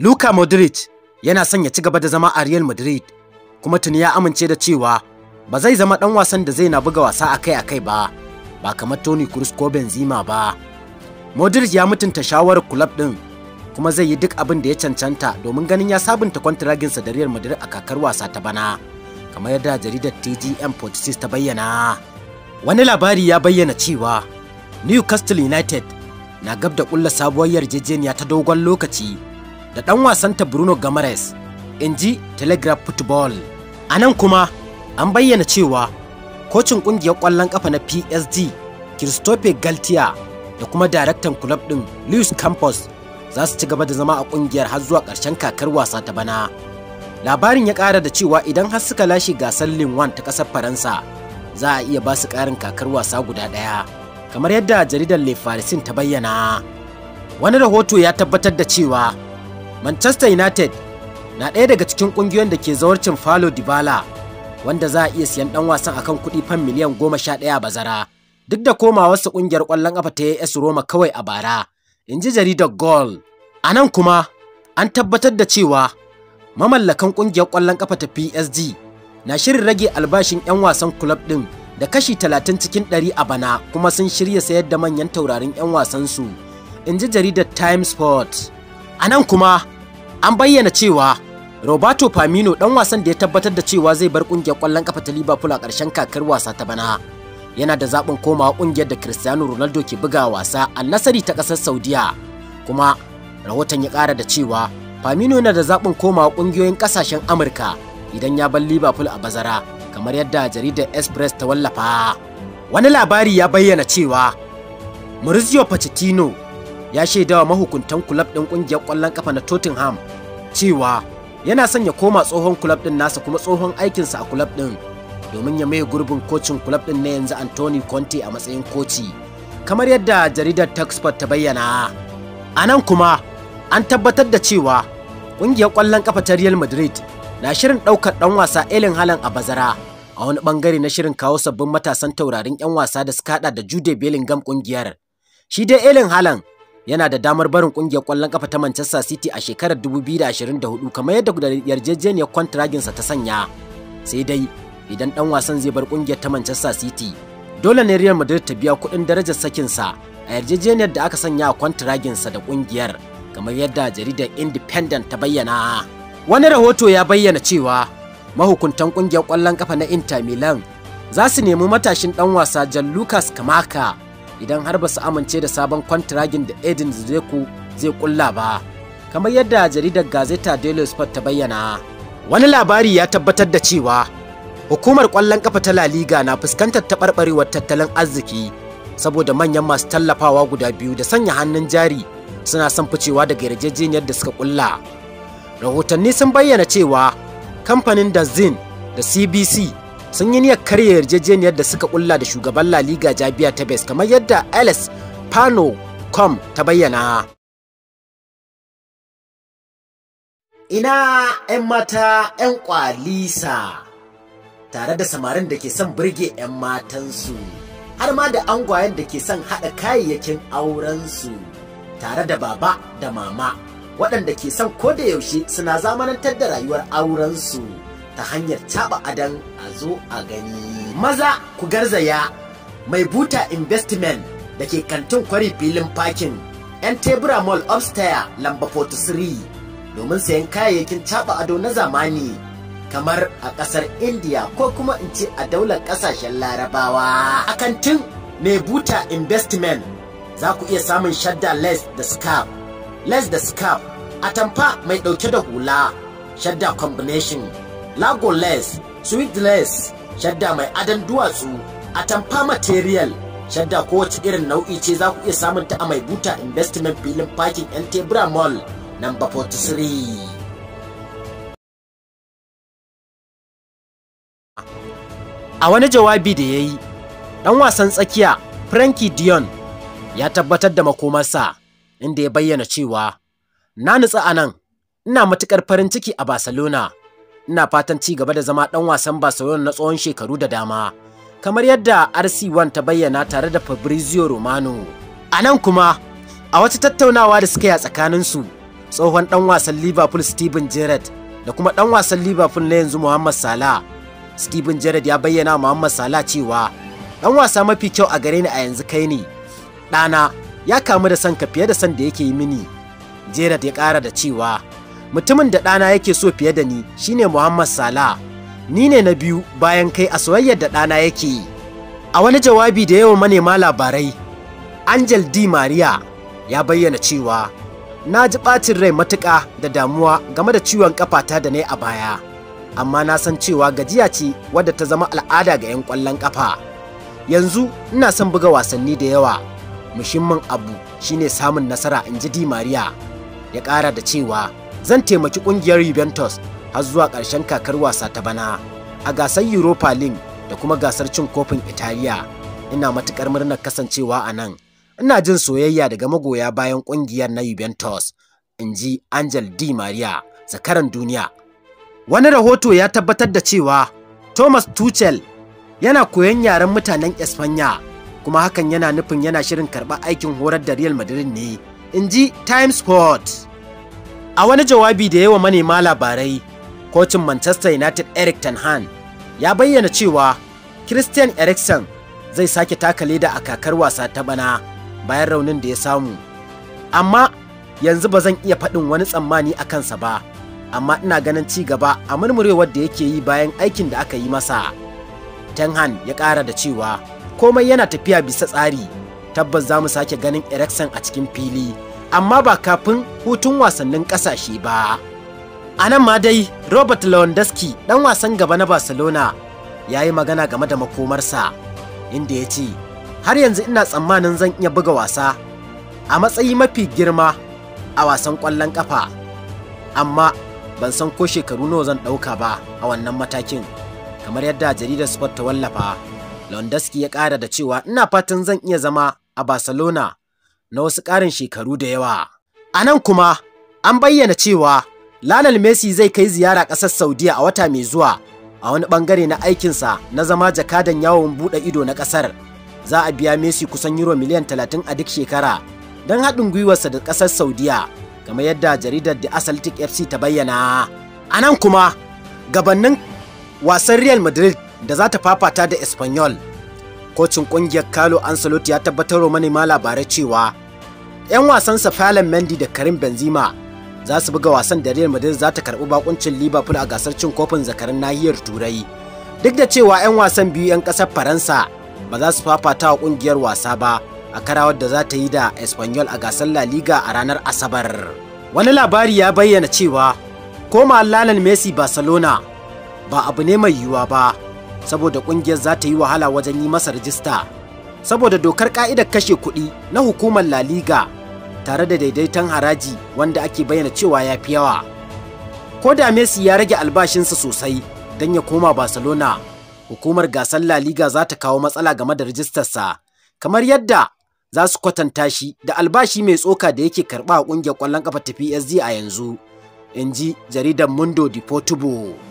Luka Modric yana son ya ci gaba da zama a Real Madrid kuma tuni ya amince da cewa ba zai zama dan wasan da zai na buga wasa akai-akai ba ba kamar Toni Kroos ko Benzema ba. Modric ya mutunta shawarar kulab din kuma zai yi duk abin da ya cancanta domin ganin ya sabunta sa da Real Madrid a kakar wasa ta bana kamar yadda jaridar TGM46 ta bayyana. Wani labari ya bayyana cewa Newcastle United na gab da ƙulla sabuwar yarjejeniya ta dogon lokaci da ɗan wasanta Bruno Gamares, in ji Telegraph Football. A nan kuma an bayyana cewa kocin ƙungiyar ƙwallon ƙafa na PSG, Christophe Galtier da kuma daraktan kulab ɗin Luis Campos za su ci gaba da zama a ƙungiyar har zuwa ƙarshen kakar wasa ta bana. Labarin ya ƙara da cewa idan har suka lashe gasar Linwan ta ƙasar Faransa, za a iya ba su ƙarin kakar wasa guda ɗaya, kamar yadda jaridar Le Parisien ta bayyana. Wani rahoto ya tabbatar da cewa Manchester United na ɗaya daga cikin ƙungiyoyin da ke zawarcin Falo Dybala wanda za a iya siyan ɗan wasan akan kuɗi fan miliyan goma sha ɗaya bazara duk da komawarsa ƙungiyar ƙwallon ƙafa ta AS Roma kawai a bara in ji jaridar Goal. A nan kuma an tabbatar da cewa mamallakan ƙungiyar ƙwallon ƙafa ta PSG na shirin rage albashin 'yan wasan kulob ɗin da kashi talatin cikin 100 a bana kuma sun shirya sayar da manyan taurarin 'yan wasansu in ji jaridar Time Sports. A nan kuma an bayyana cewa Roberto Firmino dan wasan da ya tabbatar da cewa zai bar kungiyar kwallon kafa ta Liverpool a ƙarshen kakar wasa ta bana. Yana da zaɓin komawa kungiyar da Cristiano Ronaldo ke buga wasa a nasari ta ƙasar Saudiya. Kuma rahoton ya ƙara da cewa Firmino yana da zaɓin komawa kungiyoyin ƙasashen Amurka idan ya bar Liverpool a bazara kamar yadda jaridar Express ta wallafa. Wani labari ya bayyana cewa Maurizio Pochettino ya shaidawa mahukuntan kulab ɗin ƙungiyar ƙwallon ƙafa na Tottenham cewa yana son ya koma tsohon kulab ɗin nasa kuma tsohon aikinsa a kulab ɗin domin ya maye gurbin kocin kulab ɗin na yanzu Anthony Conte a matsayin koci kamar yadda jaridar Talksport ta bayyana. Anan kuma an tabbatar da cewa ƙungiyar ƙwallon ƙafa ta Real Madrid na shirin ɗaukar ɗan wasa Erling Haaland a bazara a wani ɓangare na shirin kawo sabbin matasan taurarin 'yan wasa da suka da Jude Bellingham ƙungiyar. Shi dai Erling Haaland yana da damar barin kungiyar kwallon kafa ta Manchester City a shekarar 2024 kamar yadda yarjejeniyar sa ta sanya. Sai dai idan dan wasan zai bar kungiyar ta Manchester City dole ne Real Madrid ta biya kuɗin darajar sakinsa a yarjejeniyar da aka sanya a sa da kungiyar kamar yadda jaridar Independent ta bayyana. Wani rahoto ya bayyana cewa mahukuntan kungiyar kwallon kafa na Inter Milan za su nemi matashin dan wasa Jan Lucas Kamaka idan har ba su amince da sabon kwantiragin da edin zuzeku zai kulla ba kamar yadda jaridar gazeta daily sport ta bayyana wani labari ya tabbatar da cewa hukumar kwallon kafa ta la liga na fuskantar taɓarɓarewar tattalin arziki saboda manyan masu tallafawa guda biyu da sanya hannun jari suna son ficewa daga yarjejeniyar da suka kulla rahotanni sun bayyana cewa kamfanin da zin da cbc sun yi niyyar karya yarjejeniyar da suka kulla da shugaban La Liga Javier Tebes kamar yadda Alice Pano Com ta bayyana. Ina 'yan mata 'yan kwalisa tare da samarin da ke son birge 'yan matansu har ma da angwayen da ke son haɗa kayayyakin aurensu tare da baba da mama waɗanda ke son koda yaushe suna zamanantar da rayuwar aurensu. ta hanyar taba adan a zo a gani maza ku garzaya mai buta investment da ke kantin kwari filin parking yan tebura mall upstairs lamba 43 domin sayan kayayyakin taba ado na zamani kamar a kasar india ko kuma in ce a daular kasashen larabawa a kantin mai buta investment za ku iya samun shadda less da scarf less da scarf tamfa mai dauke da hula shadda combination lagoless sweetless shadda mai adan duwatsu a tamfa material shadda kowace irin nau'i ce za ku iya samun ta a mai buta investment filin parking yan tebra mall number 43 a wani jawabi da ya yi ɗan wasan tsakiya frankie dion ya tabbatar da makomarsa inda ya bayyana cewa na nutsa a nan ina matuƙar farin ciki a barcelona ina fatan ci gaba da zama dan wasan Barcelona na tsawon shekaru da dama kamar yadda RC1 ta bayyana tare da Fabrizio Romano a nan kuma a wata tattaunawa da suka yi a tsakanin su tsohon dan wasan Liverpool Steven Gerrard da kuma dan wasan Liverpool na yanzu Mohamed Salah Steven Gerrard ya bayyana Mohamed Salah cewa dan wasa mafi kyau a gare ni a yanzu kai ne ɗana ya kamu da son ka fiye da son da yake yi mini Gerrard ya ƙara da cewa mutumin da ɗana yake so fiye da ni shine Muhammad Sala. Ni ne na biyu bayan kai a soyayyar da ɗana yake yi. A wani jawabi da yawan manema labarai, Angel D Maria ya bayyana cewa, Na ji ɓacin rai matuƙa da damuwa game da ciwon ƙafata da na yi a baya, amma na san cewa gajiya ce wadda ta zama al'ada ga 'yan ƙwallon ƙafa. Yanzu ina son buga wasanni da yawa, muhimmin abu shine samun nasara in ji D Maria. Ya ƙara da cewa zan taimaki kungiyar Juventus har zuwa ƙarshen kakar wasa ta bana a gasar Europa League da kuma gasar cin kofin Italiya. Ina matuƙar murnar kasancewa a nan. Ina jin soyayya daga magoya bayan ƙungiyar na Juventus, Inji ji Angel Di Maria, zakaran duniya. Wani rahoto ya tabbatar da cewa Thomas Tuchel yana koyon yaren mutanen Espanya kuma hakan yana nufin yana shirin karɓar aikin horar da Real Madrid ne, Inji ji Times Sports. A wani jawabi da yawa manema labarai, kocin Manchester United Eric Ten Hag ya bayyana cewa Christian Eriksen zai sake taka leda a kakar wasa ta bana bayan raunin da ya samu. Amma yanzu ba zan iya faɗin wani tsammani a kansa ba, amma ina ganin ci gaba a murmurewar da yake yi bayan aikin da aka yi masa. Ten Hag ya ƙara da cewa komai yana tafiya bisa tsari, tabbas za mu sake ganin Eriksen a cikin fili. amma ba kafin hutun wasannin ƙasashe ba. A nan ma dai Robert Lewandowski ɗan wasan gaba na Barcelona ya yi magana game da makomarsa inda ya ce, Har yanzu ina tsammanin zan iya buga wasa a matsayi mafi girma a wasan ƙwallon ƙafa, amma ban san ko shekaru nawa zan ɗauka ba a wannan matakin kamar yadda jaridar Sport ta wallafa. Lewandowski ya ƙara da cewa ina fatan zan iya zama a Barcelona na wasu ƙarin shekaru da yawa. A nan kuma, an bayyana cewa Lionel Messi zai kai ziyara ƙasar Saudiya a wata mai zuwa a wani ɓangare na aikinsa na zama jakadan yawon buɗe ido na ƙasar. Za a biya Messi kusan euro miliyan talatin a duk shekara don haɗin gwiwarsa da ƙasar Saudiya kamar yadda jaridar The Athletic FC ta bayyana. A nan kuma, gabannin wasan Real Madrid da za ta fafata da Espanyol kocin kungiyar Carlo Ancelotti ya tabbatar wa manema labarai cewa 'yan wasan Fallen Mendy da Karim Benzema za su buga wasan da Real Madrid za ta karbi bakuncin Liverpool a gasar cin kofin zakarin nahiyar Turai. Duk da cewa 'yan wasan biyu 'yan kasar Faransa ba za su fafata wa ƙungiyar wasa ba a karawar da za ta yi da Espanyol a gasar La Liga a ranar Asabar. Wani labari ya bayyana cewa koma Lionel Messi Barcelona ba abu ne mai yiwuwa ba. saboda kungiyar za ta yi wahala wajen yi masa rajista saboda dokar ka'idar kashe kuɗi na hukumar La Liga tare da daidaiton haraji wanda ake bayyana cewa ya fi yawa. Ko da Messi ya rage albashinsa sosai don ya koma Barcelona, hukumar gasar La Liga za ta kawo matsala game da rijistarsa, kamar yadda za su kwatanta shi da albashi mai tsoka da yake karba a ƙungiyar ƙwallon ƙafa ta PSG a yanzu, in ji jaridar Mundo Deportivo.